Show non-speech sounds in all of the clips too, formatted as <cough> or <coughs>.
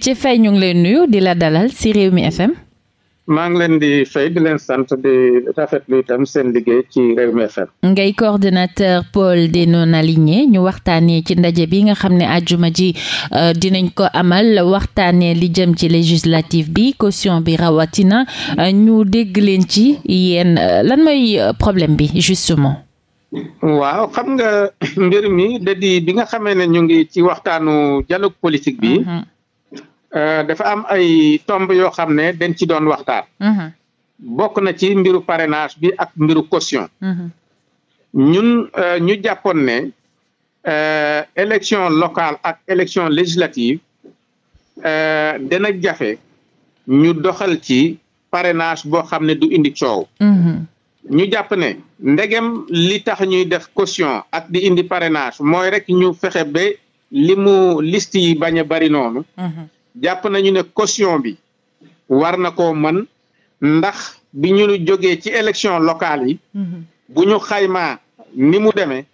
ci Faye ñu ngi leen nuyu di la dalal ci Rewmi FM. maa ngi leen di fay di leen sant di rafetlu itam seen liggéey ci Rewmi FM. ngay coordonnateur pôle des non-alignés ñu waxtaanee ci ndaje bi nga xam ne àjjuma ji euh, dinañ ko amal waxtaanee li jëm ci législative bi caution bi rawatina euh, ñu dégg leen ci yenn euh, lan mooy problème bi justement waaw xam nga <coughs> mbir mi da bi nga xamee ne ñu ngi ci waxtaanu dialogue politique bi. Mm-hmm. Euh, dafa am ay tomb yoo xam ne dañ ci doon waxtaan. Mhm. bokk na ci mbiru parrainage bi ak mbiru caution. Mhm. ñun euh, ñu jàppoon ne euh, élection locale ak élection législative dana jafe ñu doxal ci parenage boo xam ne du indi coow. Mhm. ñu jàpp ne ndegem li tax ñuy def caution ak di indi parrainage mooy rek ñu fexe ba li mu list yi bañ a bari noonu. jàpp nañu ne caution bi war na koo mën ndax bi ñu jógee ci élection locale yi mhm. bu ñu xaymaa ni mu demee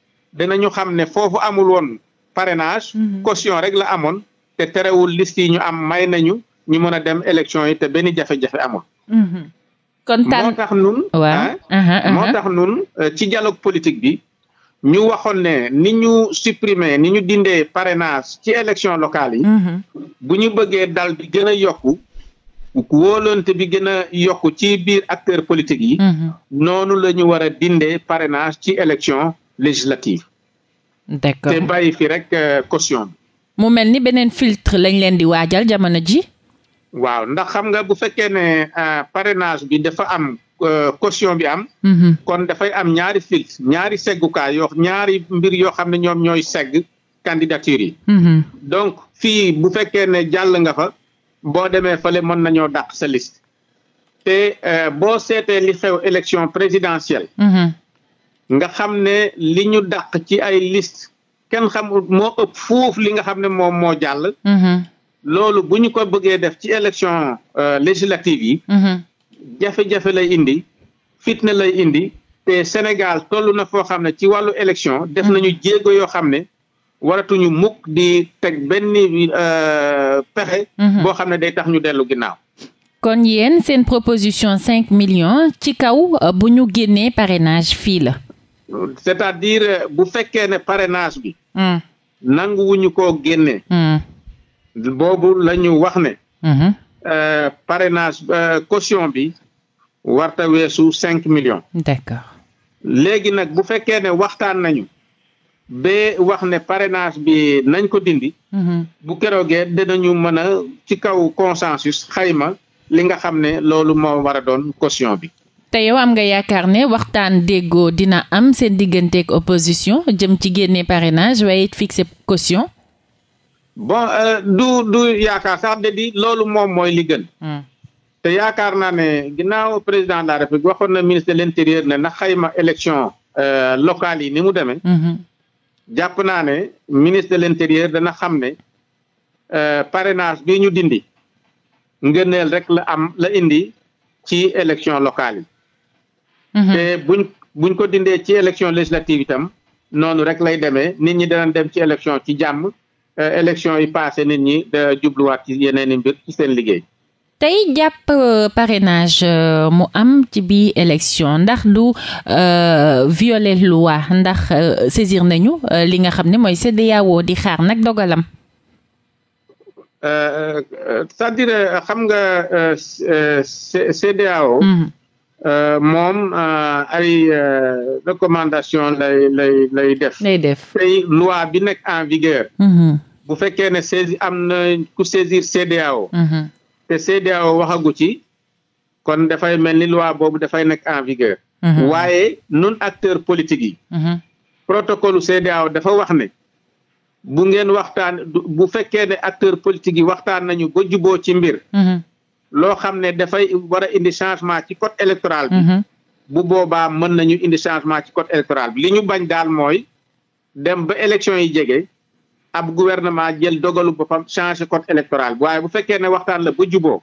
ñu xam ne foofu amul woon parrainage mhm. caution rek la amoon te terewul list yi ñu am may nañu ñu mën a dem élection yi te benn jafe-jafe amul mhm. kon moo tax nun ah, moo tax nun euh, ci dialogue politique bi ñu waxoon ne ni ñu supprimer ni ñu dindee parrainage ci élection locale yi. Mhm. bu ñu bëggee dal bi gën a yokku. wóolante bi gën a yokku ci biir acteur politique yi. Mhm. noonu la ñu war a dindee parrainage ci élection législative. d'accord te bàyyi fi rek euh, caution. mu mel ni beneen filtre lañ leen di waajal jamono ji. waaw ndax xam nga bu fekkee ne euh, parrainage bi dafa am euh, caution bi am. Mm-hmm. kon dafay am ñaari filtre ñaari seggukaay yoo ñaari mbir yoo xam ne ñoom ñooy segg candidature yi. Mm-hmm. donc fii bu fekkee ne jàll nga fa boo demee fale mën nañoo dàq sa liste. te euh, boo seetee li xew élection présidentielle. Mm-hmm. nga xam ne li ñu dàq ci ay list kenn xamul moo ëpp fuuf li nga xam ne moom moo jàll. loolu bu ñu ko bëggee def ci élection euh, législative yi mhm. jafe-jafe lay indi fitna lay indi te Sénégal toll na foo xam ne ci wàllu élection def nañu mhm. jéego yoo xam ne waratuñu mukk di teg benn euh, pexe mhm. boo xam ne day tax ñu dellu ginnaaw kon yéen seen proposition cinq millions ci kaw euh, bu ñu génnee parrainage fii la c'est-à-dire bu fekkee ne parrainage bi nanguwuñu koo génne boobu la ñu wax ne. Mhm. Euh, parrainage euh, caution bi warta weesu cinq millions. d'accord léegi nag bu fekkee ne waxtaan nañu. ba wax ne parrainage bi nañ ko dindi. Mhm. bu keroogee dinañu mën a ci kaw consensus xayma li nga xam ne loolu moo war a doon caution bi. te yow am nga yaakaar ne waxtaan déggoo dina am seen digganteeg opposition jëm ci génne parrainage waaye it fixé caution. bon euh, du du yaakaar sax de di loolu moom mooy li gën. Hmm. te yaakaar naa ne ginnaaw président de la république waxoon na ministre de l' intérieur ne na xayma élection euh, locale yi ni mu demee. Hmm. jàpp naa ne ministre de l' dana xam ne euh, parrainage bi ñu dindi ngëneel rek la am la indi ci élection locale yi. Hmm. te buñ buñ ko dindee ci élection législative itam noonu rek lay demee nit ñi danañ dem ci élection ci jàmm. Euh, élection yi passé nit ñi da jubluwaat ci yeneen i mbir ci seen liggéey. tey jàpp euh, parrainage euh, mu am ci bii élection ndax du violer loi ndax saisir nañu li nga xam ne mooy CEDEAO di xaar nag dogalam. cest dire xam nga CEDEAO. Euh, moom euh, ay euh, recommandation lay lay lay def. lay def tey loi bi nekk en vigueur. Mm-hmm. bu fekkee ne saisi am na ku saisir CEDEAO. Mm-hmm. te CEDEAO waxagu ci kon dafay mel ni loi boobu dafay nekk en vigueur. Mm-hmm. waaye nun acteur politique yi. protocole CEDEAO dafa wax ne bu ngeen waxtaan bu fekkee ne acteur politique yi waxtaan nañu ba juboo ci mbir. loo xam ne dafay war indi changement ci code électoral bi mhm. bu boobaa mën nañu indi changement ci code électoral bi li ñu bañ daal mooy dem ba élection yi jege ab gouvernement jël dogalu boppam changé code électoral waaye bu fekkee ne waxtaan la ba juboo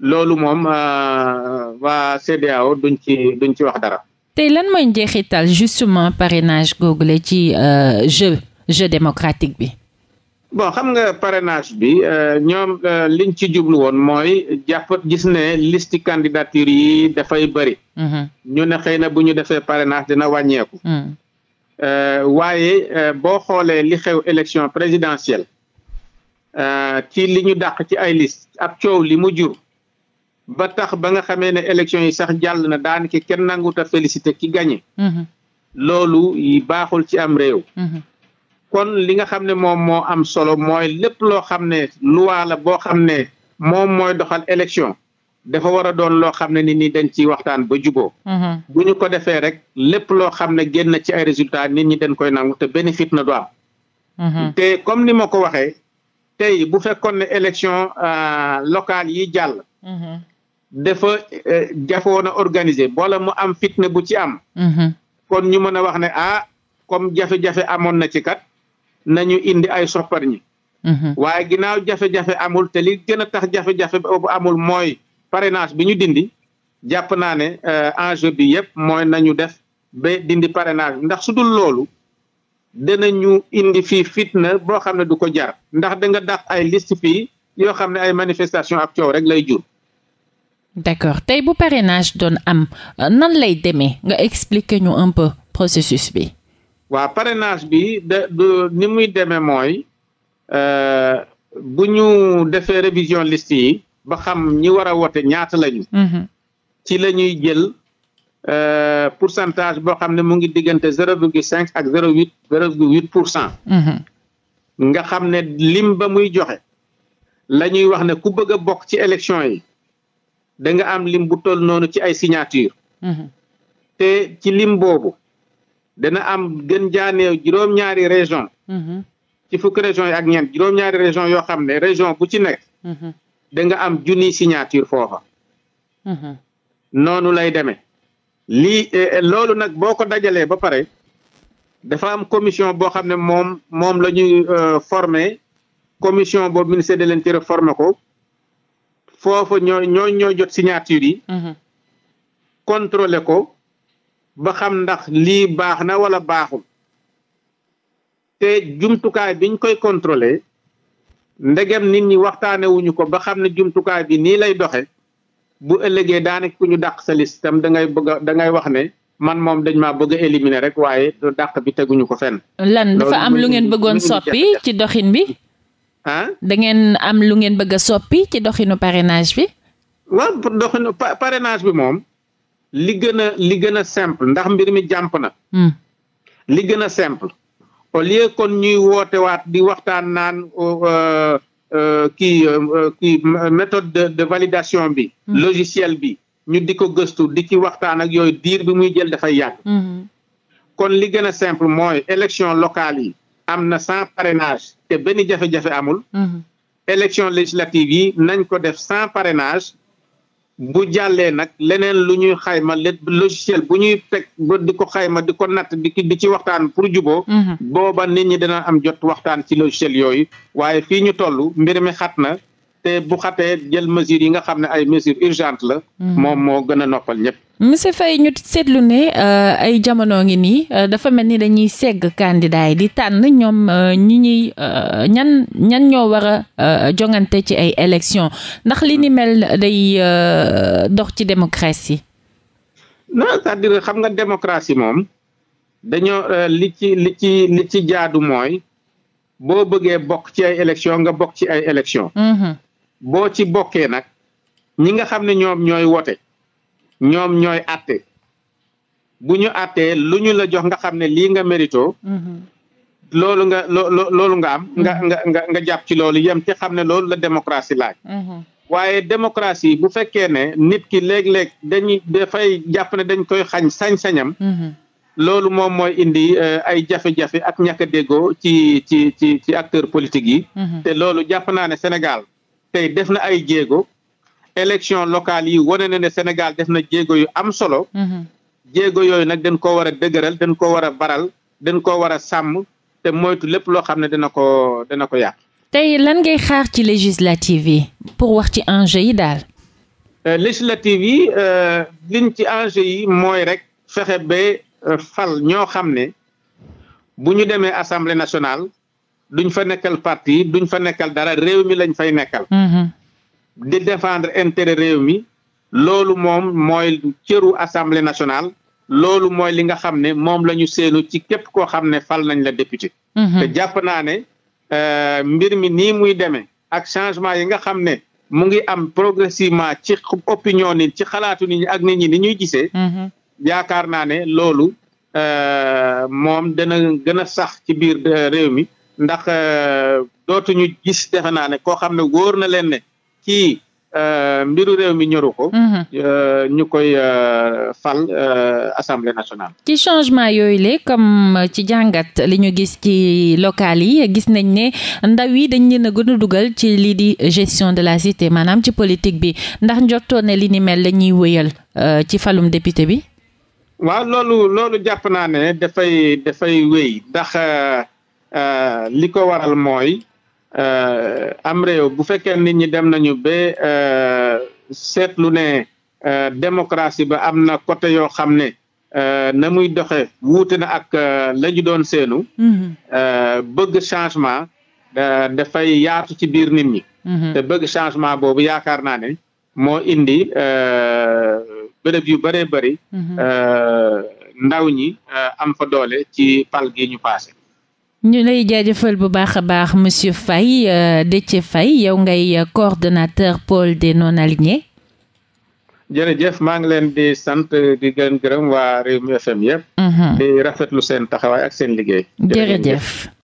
loolu moom euh, waa CEDEAO duñ ci duñ ci wax dara tey lan mooy njeexital justement parrainage googule ci euh, jeu jeu démocratique bi bon xam nga parrainage bi euh, ñoom euh, liñ ci jublu woon mooy jàpp gis ne liste candidature yi dafay bëri. Mm-hmm. ñoo ne xëy na bu ñu defee parrainage dina wàññeeku. Mm. Euh, waaye boo xoolee li xew élection présidentielle ci li ñu dàq ci ay liste ak coow li mu jur ba tax ba nga xamee ne élection yi sax jàll na daanaka kenn nangut a félicité ki gagné. Mm-hmm. loolu yi baaxul ci am réew. Mm-hmm. kon li nga xam ne moom moo am solo mooy lépp loo xam ne loi la boo xam ne moom mooy doxal élection dafa war a doon loo xam ne ni ni dañ ciy waxtaan ba juboo mhm. bu ñu ko defee rek lépp loo xam ne génn ci ay résultat nit ñi dañ koy nangu te benn na du am mhm. te comme ni ma ko waxee tey bu fekkoon ne élection euh, locale yi jàll mhm. dafa euh, jafoon a organiser boola mu am fitna bu ci am kon ñu mën a wax ne a ah, comme jafe-jafe amoon na ci kat nañu indi ay sopar sopparñi mhm. waaye ginaaw jafe-jafe amul te li gën a tax jafe-jafe boobu amul mooy parrainage bi ñu dindi jàpp naa ne euh, enjeu bi yëpp mooy nañu def ba dindi parrainage bi ndax sudul loolu loolu ñu indi fii fitna boo xam ne du ko jar ndax danga nga ay liste fii yoo xam ne ay manifestation ak coow rek lay jur d'accord tey bu parrainage doon am euh, nan lay demee nga expliquer ñu un peu processus bi waa parrainage bi de ni muy demee mooy euh, bu ñu defee révision list yi ba xam ñi war a wote ñaata lañu. Mm-hmm. ci la ñuy jël euh, pourcentage boo xam ne mu ngi diggante zero virgule cinq ak zero huit zero virgule huit pour cent. Mm-hmm. nga xam ne lim ba muy joxe la ñuy wax ne ku bëgg a bokk ci élection yi da nga am lim bu toll noonu ci ay signature. Mm-hmm. te ci lim boobu. dana am gën jaaneew juróom-ñaari région mm-hmm. ci fukki région yi ak ñeent juróom-ñaari région yoo xam ne région bu ci nekk mm-hmm. da nga am junni signature foofa mm-hmm. noonu lay deme lii eh, loolu nag boo ko dajalee ba pare dafa am commission boo xam ne moom moom la ñuy euh, formé commission boobu ministère de l'intérieur formé ko foofa ñoo ñoo jot signature yi contrôlé ko ba xam ndax lii baax na wala baaxul te jumtukaay biñ koy contrôler ndegem nit ñi waxtaane ko ba xam ne jumtukaay bi nii lay doxe bu ëllëgee daanaka ku ñu dàq sa liste tam da ngay bëgg da ngay wax ne man moom dañ maa bëgg a éliminer rek waaye du dàq bi teguñu ko fenn. lan dafa am lu ngeen bëggoon soppi ci doxin bi. ah da am lu ngeen bëgg a soppi ci doxinu parenage bi. waaw doxinu parrainage bi moom. li gën a li gën a simple ndax mbir mi jàmp na. Hmm. li gën a simple au lieu kon ñuy woote waat di waxtaan naan oh, euh, euh, kii euh, kii méthode de de validation bi. Hmm. logiciel bi ñu di ko gëstu di ci waxtaan ak yooyu diir bi muy jël dafay yàgg. Hmm. kon li gën a simple mooy élection locale yi am na sans parrainage te benn jafe-jafe amul. élection législative yi nañ ko def sans parrainage. bu jàllee nag leneen lu ñuy xayma le logiciel bu ñuy teg ba di ko xayma di ko natt di di ci waxtaan pour juboo mhm. booba nit ñi dina am jot waxtaan ci logiciel yooyu waaye fii ñu toll mbir mi xat na te bu xatee jël mesures yi nga xam ne ay mesures urgentes la. Hmm. moom moo gën a noppal ñëpp. monsieur Faye ñu seetlu ne euh, ay jamono ngi nii euh, dafa mel ni dañuy segg candidat yi di tànn ñoom euh, ñi ñuy ñan ñan ñoo war a jongante ci ay élections ndax li ni mel day dox ci démocratie. non c'est-à-dire xam nga démocratie moom dañoo li ci li ci li ci jaadu mooy boo bëggee bokk ci ay élections nga bokk ci ay élections. Hmm. boo ci bokkee nag ñi nga xam ne ñoom ñooy wote ñoom ñooy àtte bu ñu àttee lu ñu la jox nga xam ne lii nga mérito mhm. loolu nga loolu nga am nga mhm. nga nga nga jàpp ci loolu yem te xam ne loolu la démocratie laaj mhm. waaye démocratie bu fekkee ne nit ki léeg-léeg dañuy dafay jàpp ne dañ koy xañ sañ-sañam loolu moom mooy indi euh, ay jafe-jafe ak ñàkk a ci ci ci ci acteurs politiques yi te loolu jàpp naa ne Sénégal tey def na ay jéego élection locale yi wane na ne Sénégal def na jéego yu am solo mhm. jéego yooyu nag dañ koo war a dëgëral dañ koo war a baral dañ koo war a sàmm te moytu lépp loo xam ne dina ko dina ko yàq tey lan ngay xaar ci législative yi pour wax ci enjeu yi daal euh, législative yi euh, liñ ci enjeu yi mooy rek fexe ba euh, fal ñoo xam ne ñu demee assemblée nationale duñ fa nekkal parti duñ fa nekkal dara réew mi lañ fay nekkal. Mm-hmm. di défendre intérêt réew mi loolu moom mooy cëru assemblée nationale loolu mooy li nga xam ne moom lañu ñu ci képp koo xam ne fal nañ la député. Mm-hmm. te jàpp naa ne euh, mbir mi nii muy deme ak changement yi nga xam ne mu ngi am progressivement ci opinion ni ci xalaatu nit ñi ak nit ñi ni ñuy gisee. Mm-hmm. yaakaar naa ne loolu euh, moom dana gën sax ci biir euh, réew mi. ndax euh, dootuñu gis defe naa ne koo xam ne wóor na leen ne kii euh, mbiru réew mi ñoru ko. Mhm. Euh, ñu koy fal assemblée nationale. ci changement yooyu le comme ci jàngat li ñu gis ci local yi gis nañ ne ndaw yi dañ leen a gën a dugal ci lii di gestion de la cité maanaam ci politique bi ndax njortoo ne li ni mel la ñuy wëyal ci falum député bi. waaw loolu jàpp naa dafay dafay ndax. Euh, li ko waral mooy euh, am réew bu fekkee nit ñi dem nañu ba euh, seetlu ne démocratie ba am na côté yoo xam ne na muy doxe wuute na ak la ñu doon seenu mm-hmm. bëgg changement dafay yaatu ci biir nit ñi mm-hmm. te bëgg changement boobu yaakaar naa ne moo indi béréb yu bëree bëri mm-hmm. ndaw ñi am fa doole ci pal gi ñu passé ñu lay jaajëfal bu baax a baax monsieur Faye euh, Déthié Faye yow ngay uh, coordonnateur pôle des non jërëjëf maa ngi leen di sant di gën gërëm waa Rewmi FM yëpp. Mhm. di rafetlu seen taxawaay ak seen liggéey. jërëjëf.